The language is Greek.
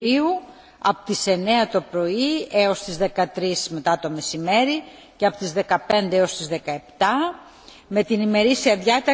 Ιουλίου από τις 9 το πρωί έως τις 13 μετά το μεσημέρι και από τις 15 έως τις 17 με την ημερήσια διάταξη